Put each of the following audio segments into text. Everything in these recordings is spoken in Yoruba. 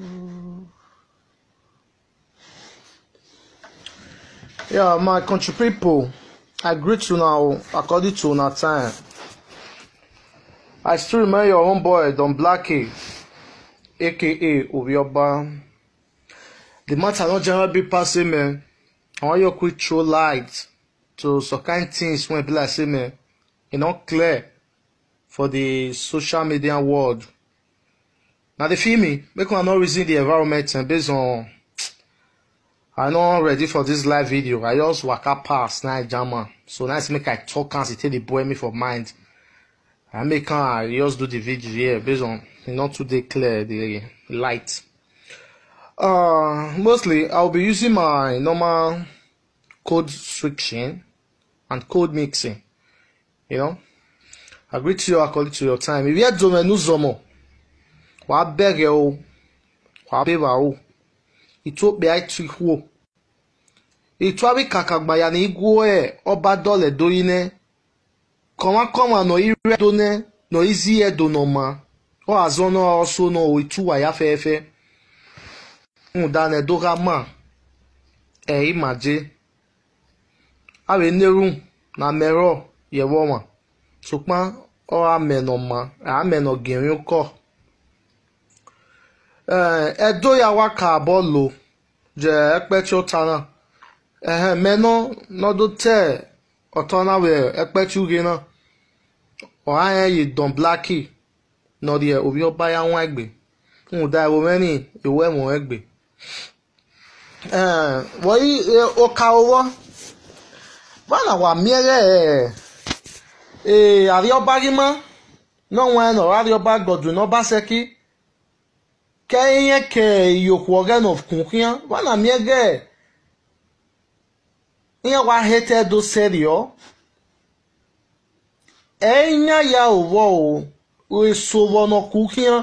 Mm. Yeah, my country people, I greet you now according to una time. I still remember your own boy, Don Blackie, aka Obioba. The matter not generally be passing, man. I want you quick throw light to some kind things when be like say, man, e no clear for the social media world. Now the feel me, make I'm not reason the environment and eh, based on I not ready for this live video. I just walk up past night jammer. So nice make I talk and take the boy me for mind. I make I just do the video here based on not too clear the light. Uh mostly I'll be using my normal code switching and code mixing. You know? I greet you according to your time. If you had Zomo, no Zomo. kwa bere o kwa bera o ihu itihuo ituari ya na igwe ọba dole doine kọmakọma nọ ire nọ edo nọ ma ọ azọ na ọsọ na oituwa ya fefe ndanedogha ma eimaje are neru na merọ yewoma tukpa ọ amenọ ma amenọ gerin kọ Eh, edoya ka lo je ekpechi utana ehe meno nodo te otona we ekpechi uge na ohaye yi don blaki nodi obi e, oba ya nwa egbe nda ewo meni ewo emo egbe wọ̀nyí ọ̀ka ọwọ́ bọ́nà wà mìíràn ẹ̀ ee rímọ́ náà wọn ẹ̀ ena àríọ́bá gbọ̀dùn náà bá ṣẹ́kí. kẹ́yìn kẹ́ ìyókù ọ̀gẹ́nà kùnkìyàn wọn nà miẹ́gẹ́ ìyẹn wà hẹ́tẹ́ do sẹ́rìọ́ ẹ̀yìn ya òwò o èso wọnà kùnkìyàn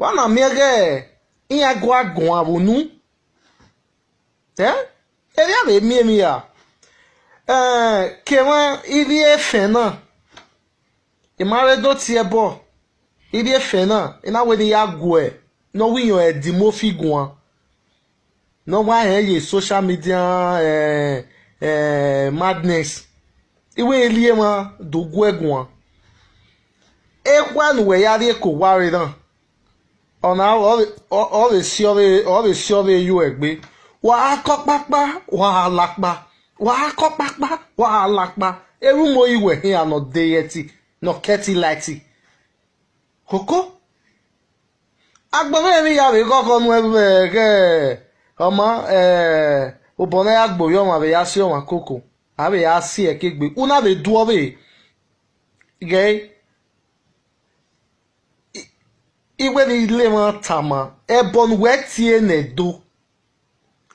wọn nà miẹ́gẹ́ ìyẹn gọ́ àgùn àwònú ẹ́ ẹ̀rí àrè mímí à eh, kẹwọn ilé ẹ̀fẹ̀ náà ìmárẹ́dọ́ tiẹ̀ bọ̀ ilé ẹ̀fẹ̀ náà ìnáwó ni yà gùn ẹ̀ na wiyan edi mo figuan na wa yen ye social media eh, eh, madness iwe elie ma dogu egun ekwa nu we yari ko ware dan ọ̀nà ọ̀rẹ́ sí ọ̀rẹ́ yóò ẹ̀ gbé wà á kọ́ pápá wà á lápá wà á kọ́ pápá wà á lápá erúmọ ìwẹ̀ hìn àná dẹyẹtì nà kẹ́tì láìtì kókó agbomemi ya bụ kọkọ nụ ebube ke ọma ee ụbọna ya gbo yọma bụ ya si ọma koko abụ ya si eke gbe una bụ duọ bụ ni igwe niile ma tama ebon wee tie na-edo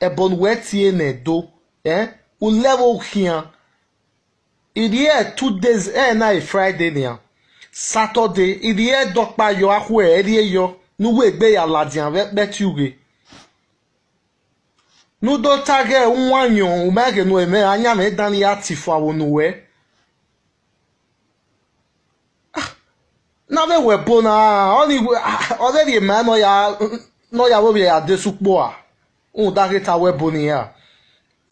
ebon wee tie na-edo eh ulewo hia ìdí ẹ̀ two days ẹ̀ náà friday nìyà saturday ìdí ẹ̀ dọ́gba yọ ahọ́ ẹ̀ ẹ̀rí ẹ̀ yọ n'ugbo ya ladian kpeti uwe n'udo tage nwanyị umege n'eme anya ma ịdani e ya tifawo n'uwe ah, na be wepo na ọdịrị ah, e ma nọ ya webie ya e desukpo a ụdakịta webo na ya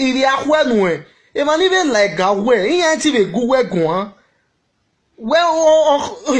iri akwenue ịma n'ibe lega we ihe ntị be gụwe gụọ we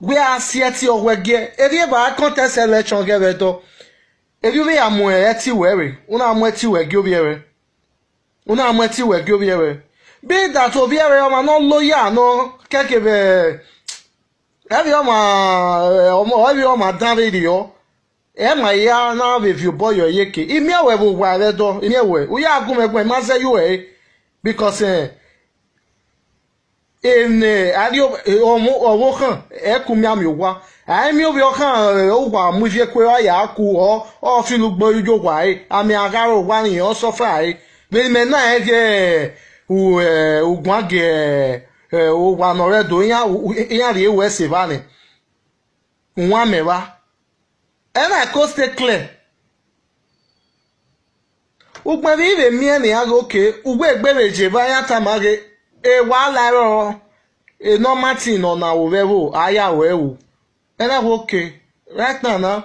we aseɛ te ɔwɛgeɛ ɛdeɛ baa contest election gɛbɛ tɔ ebi bi amu ɛti wɛre wona amu ɛti wɛgeɛ obi ɛrɛ wona amu ɛti wɛgeɛ obi ɛrɛ bi dat obi ɛrɛ ɔma no lɔya ano kɛkɛ bɛɛ ɛbi ɔma ɔmɔ ɛbi ɔma dan bi di yɔ ɛma ya na bevi bɔ yɔ yeke imi ɛwɛ bo wa ɛrɛ tɔ imi ɛwɛ woyɛ agumɛgbɛ ma sɛ yi wɛ because ɛɛ. Eh, ene ari ọmụ e, kan ekumya mi gwa anyị e mi obi ọkan kwe ọ ya akụ ọ ọfilu gbọ ijo gwa anyị e, amị agara ụgwa n'ihe ọsọ fe anyị ya rie wee sivani nwa a ena ko mie na ya oke ụgbọ egbere ewa lairo a e, normal thing on our level higher level and i'm okay right now na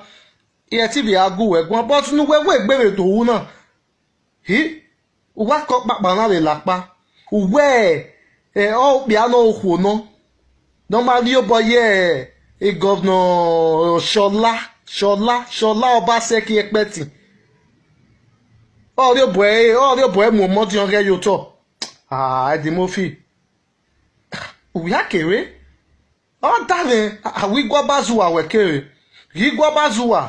iye tí bí aago ẹ̀gbọ́n bọ́ tún wẹ́wọ́ ìgbèrè tòun náà hí wá kọ́ pàpà náà lè lápá wẹ́ ẹ̀ ọ́ pìánà òkú náà nọ́mbà ní ó bọyé ẹ̀ gọ́vnà ṣọlá ṣọlá ṣọlá ọbaṣẹ́kì ẹ̀pẹ́tì ọ̀rẹ́ òbọ̀ ẹ̀ e, ọ̀rẹ́ òbọ̀ ẹ̀ e mọ̀ọ́mọ́dé ọ̀rẹ́ yóò tọ̀. Ah, edimofi uyakere ọdane wigwabazuwa ah, wekere yigwabazuwa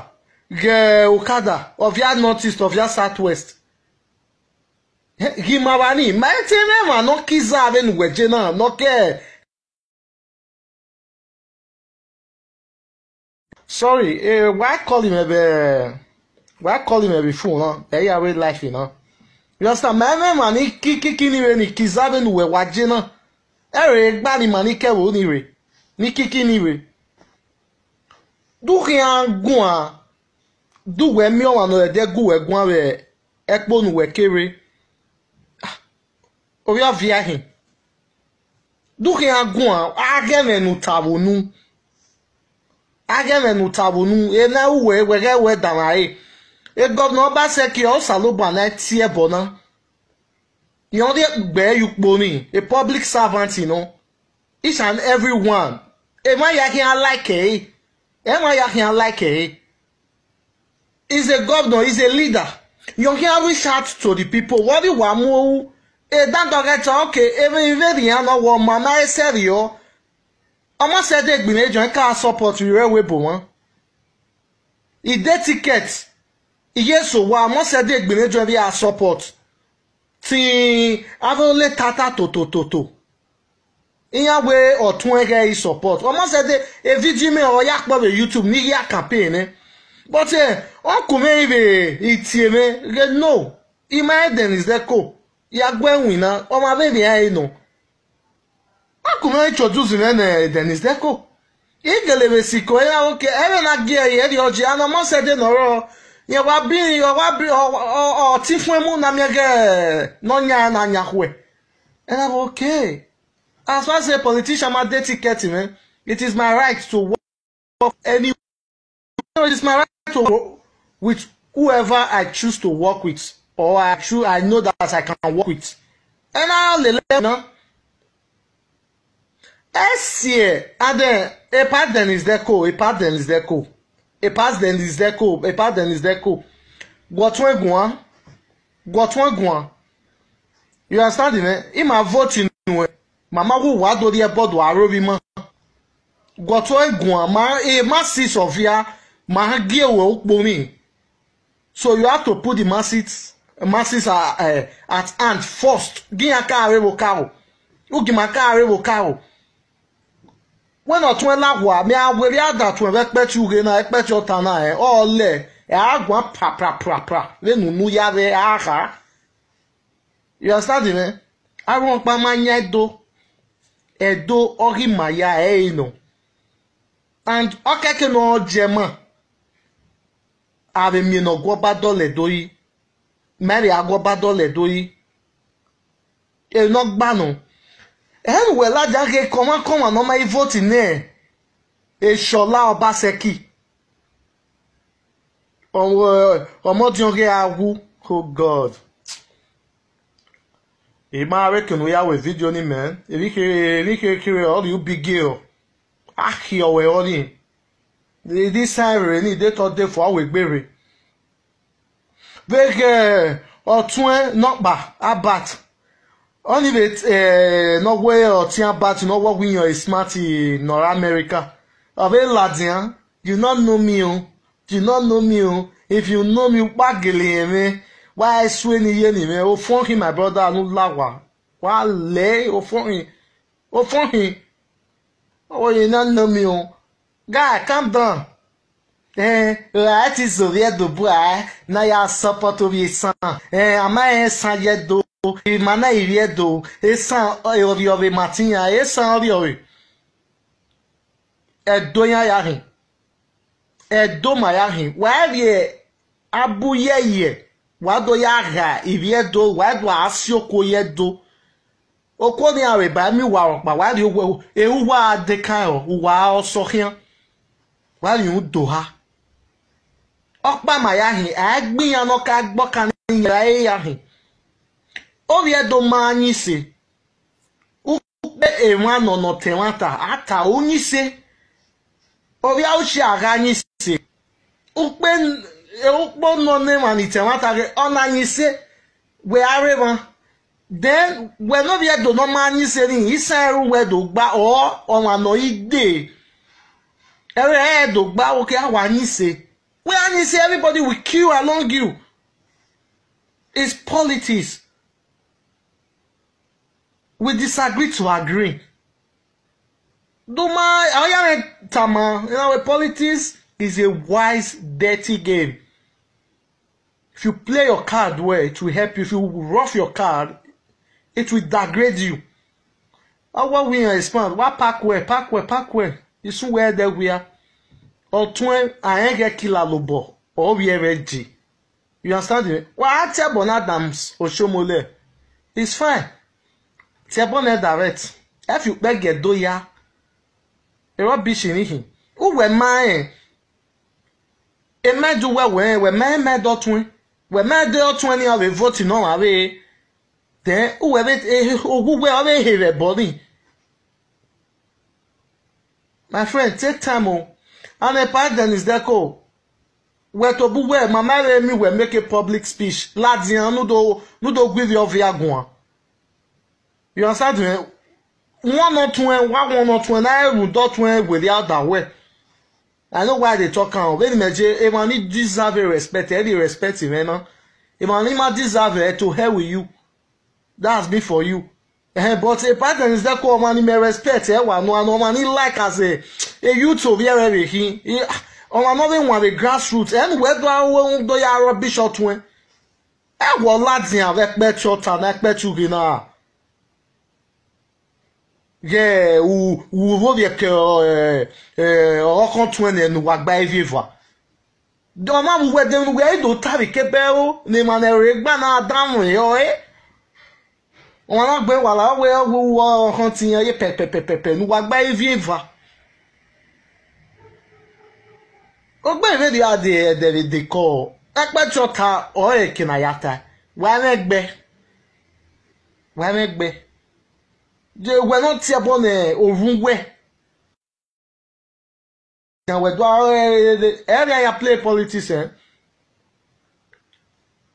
ge okada of ya northeast of ya southwest gimawani maetemema nokiza abenuweje na noke sorry eh, why call him ebe eh, why call him ebe phone na eyawe life na. You know? yọsán mẹ́rin mà ní kíkí ni re ní kí zábẹ́nu wẹ̀ wá jiná ẹ̀rẹ̀ gbá ni mà ní kẹwò ni re ní kíkí ni re dúkìá gùn à dùwẹ̀ mìíràn nà ẹ̀dẹ́ gùwẹ̀ gùn àwẹ̀ ẹ̀kpọ́nù wẹ̀ kéré ah, orí àfíà hìn dúkìá gùn à ágẹ́mẹ̀nù tàbó nù ágẹ́mẹ̀nù tàbó nù ẹ̀ náà wẹ̀ wẹ̀ kẹ́ wẹ̀ dàmáyé e gọvanọ obaseki ọsalụgba na tie bọna ihe ndị gbee yukpo ni a public servant you know each and every one e ma ya hịa like e e ma ya hịa like e is a governor is a leader you hear reach out to the people What you want wọ́n ní wàá mú owó ìdádọ́gẹ́ta ọ̀kẹ́ ebe ìrẹ́rìn yẹn lọ́wọ́ mama I rí ọ ọmọ sẹ́dẹ̀ gbìyànjú ẹ̀ ká support ìrẹ́wé bò wọ́n ìdé ticket yesu wa mọ́sẹ̀dé gbìmẹ́jọ bí a support ti avole tata tòtòtòtò ìyá we ọ̀tún ẹgẹ́ i support ọmọ́sẹ̀dé evidime ọ̀yà pọ̀bẹ̀ youtube ni yíyá campaign but eh, ọkùnrin ìbè ìtìẹ̀mẹ́ rẹ no ìmọ̀ ẹ̀dẹ̀n ìzẹ́kò yàgbọ́ ẹ̀wìn náà ọmọ abẹ́rẹ́ ẹ̀ ọkụ ọkùnrin ìtọ́júzù rẹ̀ na ẹ̀dẹ̀n na ye wabiri ye wabiri ọtifun emu na miege n'ọnya na anyahue and i'm okay as far as a politician ma dey ticket me it is my right to work any it is my right to work with whoever i choose to work with or i choose i know that i can work with and i'll lele na ẹ si ẹ and then a pattern is there co. a pattern is there co. a epas den lis de ko epas den lis de ko gwọtun egun gwọtun egun you understand me eh? ima vote nu e eh? mama wo wa dori e bodo aro bi mo gwọtun egun ma e ma eh, of ya ma gie wo po mi so you have to put the masses masses are uh, uh, at hand first gi aka arewo ka o ogi ma ka arewo ka o wenọtụela e e, e gwa mịa were ebe ekpechi uhe na ekpechi ụta na ole agwa paprapra renunu ya re aha yọsadime arụmkpamanya edo edo ohima ya eino and okeke na ojema aremino gwọba doledoyi mary agwọba doledoyi enogbanu Eruwela Jagge come come and normal vote in there. Eshola Obaseki. Omodionge uh, Awu. Oh God. Ima reckon we have a video ni man. Erike kiri all you big girl. Aki owe oni. This time re ni dey to dey for awegbere. Big ọtún ẹ nọpa abat Eh, Only or wọ́n ní nọ́wọ́ ọ̀tí abá ti smart in North America. amẹ́ríkà ọ̀bẹ́ ladìyàn you not know me o you not know me o if you know me pàgìlì mi wá ẹ̀sùn ẹniyé Me, oh fọ́nhìn my brother anu láwà Why lay, oh fọ́nhìn Oh fọ́nhìn Oh, you not know me oh. eh, oh, o oh, guy calm down Eh, láti sòrí ẹ̀dùn bú ẹ náà yà sọ́pọ̀ tó bí san àmọ́ a san eh, yet do ima na esan eh, oriore matinya esan oriore edo ya ya hin edo ma ya hin wa rie ye wa ya ga irie do wa do asioko oko ni awe ba mi wa opa wa ri owo ewu wa de kan o wa oso hian do ha ọpa ma ya hin a ka gbọ kan ni ya e oriedomo anyịsi ukpe enwanonotenwata ata onyeisi ọrịa ochie agha anyị si ukpe e, nọ n'ịmalite nwata gị ọ na anyị si wegharịma den wenobiedo nọma anyị siri isa eru wedo gba ọ ọnwano ide ere edo gba oke awa anyị si wee anyị si everybody will kill along you is politics we disagree to agree. Duma, Ayane Tama, you know, politics is a wise, dirty game. If you play your card well, it will help you. If you rough your card, it will degrade you. Awa win and expand. What pack well, pack well, pack well. Isun where they were. Ọ̀tún àyẹ̀gẹ̀ kìlà ló bọ̀ ọ̀wí ẹ̀rẹ̀ jì. You understand me? Wà á tẹ̀ bọ̀ ní Oshomole. It's fine tiebone direct efikpe gedo ya erobishirihi uwemae emeju wewe weme medotun weme de otun ni ore vote na ware then uwere ogwugwe ore here bori my friend take time o and a pardon is deco wetobugwe mama remi we make a public speech ladian nudo nudo gwiri ovia gwan you understand me one or two wa eh, one or two na ẹrù dọ́tun ẹ wèrè àdàwẹ̀ i know why they dey talk am wey nimeje emma ni deserve respect ẹ eh, respect him ẹna emma ni ma deserve ẹ eh, to hell with you that's me for you eh, but a pattern is dẹ́kun ọmọ ni mẹ respect ẹ wà no ọmọ ni like as a a youth of yẹrẹ rẹ hin ọmọ náà lè the grassroots ẹnu wẹ́ẹ́ dọ́ àwọn ohun tó yà rọ bíṣọ̀ tún ẹ ẹ wọ ládìyàn rẹ pẹ́ tí ọ̀tà náà pẹ́ tí ògì náà ye ou ou rovie euh, euh, ke oh, eh eh okontwene nu wagba eviva do ma mu wede nu we do tabi ke be o ni ma na re gba ou adamu yo e won na gbe wala we wo wo kan ti yan ye pe pe pe pe pe nu wagba eviva o gbe re di ade de de ko epe chota o e kinayata wa megbe wa megbe de wɛ no teɛ bɔ ne ohun wɛ na wɛ do ɛɛ eh, eh, eh, ya play politics ɛ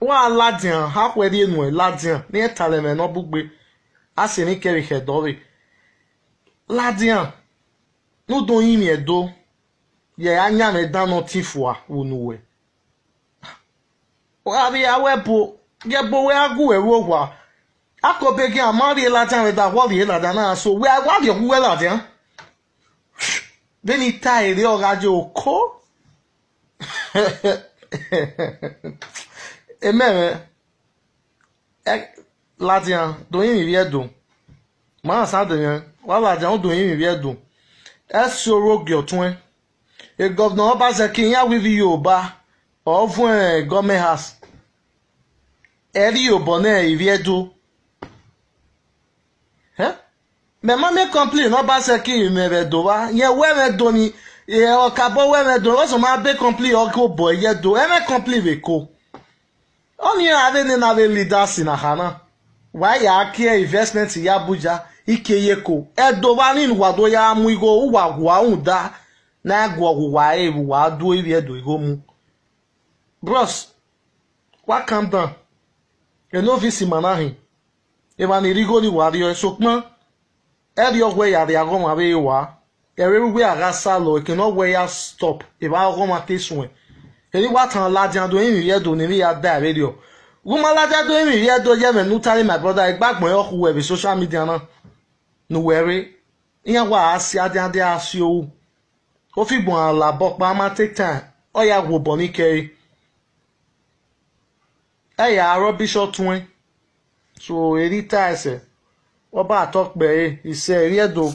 wọn a ladian ha kɔ ɛdi enu ɛ ladian ne yɛ talɛmɛ n'ɔbugbe asi ne kɛri hɛ dɔri ladian no do yin yɛ do yɛ anya mɛ dan no ti fua wonu wɛ ɔbi awɛ bo yɛ bo wɛ agu ɛwɔ wa. akobe gị amariela janreda gwalielada na-asụ wee gwa gị gwuwelada beni tairi ọgaji oko emere ladian doyin ri ẹdùn máa sádìyàn wà ladian ó doyin ri ẹdùn ẹ sì oró ògì ọ̀tún ẹ ẹ gọ́vnà ọbaṣẹ́kì yín àwíwí yorùbá ọ̀ọ́fún ẹ̀ gọ́mẹ̀hásì ẹ rí yorùbá náà ìrí ẹdùn. mɛ mami complain n'ɔba sɛ k'i mɛ bɛ do wa yɛ wɛ mɛ do ni yɛ ɔka bɔ wɛ mɛ do ɔsɔ ma be complain ɔko bɔ yɛ do ɛ mɛ complain bɛ ko ɔni ale ni na bɛ leader si na ha na wa yà á kí ɛ investment yà abuja ike yɛ ko ɛ do wa ni wa do yà á mu igo wa wa ń da na gbɔ wa ye wa do yɛ do igo mu bros wa calm down ɛ n'ofi si ma na hin emanirigoli wario esokpon eriogwe yari agoma be wa ererugbe aga salo ekena ogwe ya stop eba agoma tesunwe eri watan ladian do emi riedo niri ya da ebedio guma ladian do emi riedo yeme nutari my brother igbagbon yo kuwe be social media na nuwere ihe gwa asị adị adị asị owu ofe igbo ala bọkpa ama take time ọ ya gwụ bọ n'ikeri eya arọ bishọp tụnwe so erita ese ọba atọkpe ise eri edo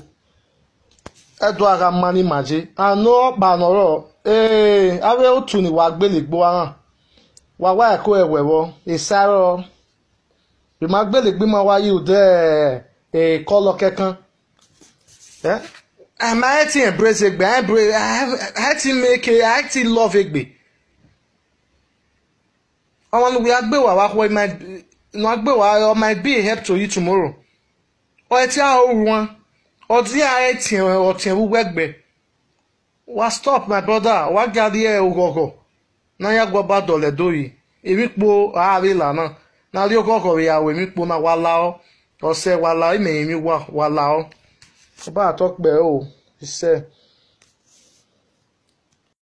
edo agha mmani maje anụ ọkpa nọrọ ee awe otu ni wa gbeligbo ahụ wawa ẹkọ ẹwẹwọ ìsárọ ìmọ agbélégbé máa wáyé kọlọ kẹkan ẹ ti embrace egbe ẹ ti make ẹ ti love egbe ọmọ wá or uh, might be a help to you tomorrow or ti a o wọn or ti a uh, e ti o ti wu wegbe wa stop my brother wa gadi e ogogo na ya gwa ba dole doyi emi po ari la na na ri ogogo ya we mi po na wa la o ose wa la ime mi wa wa la o ba to pe o ise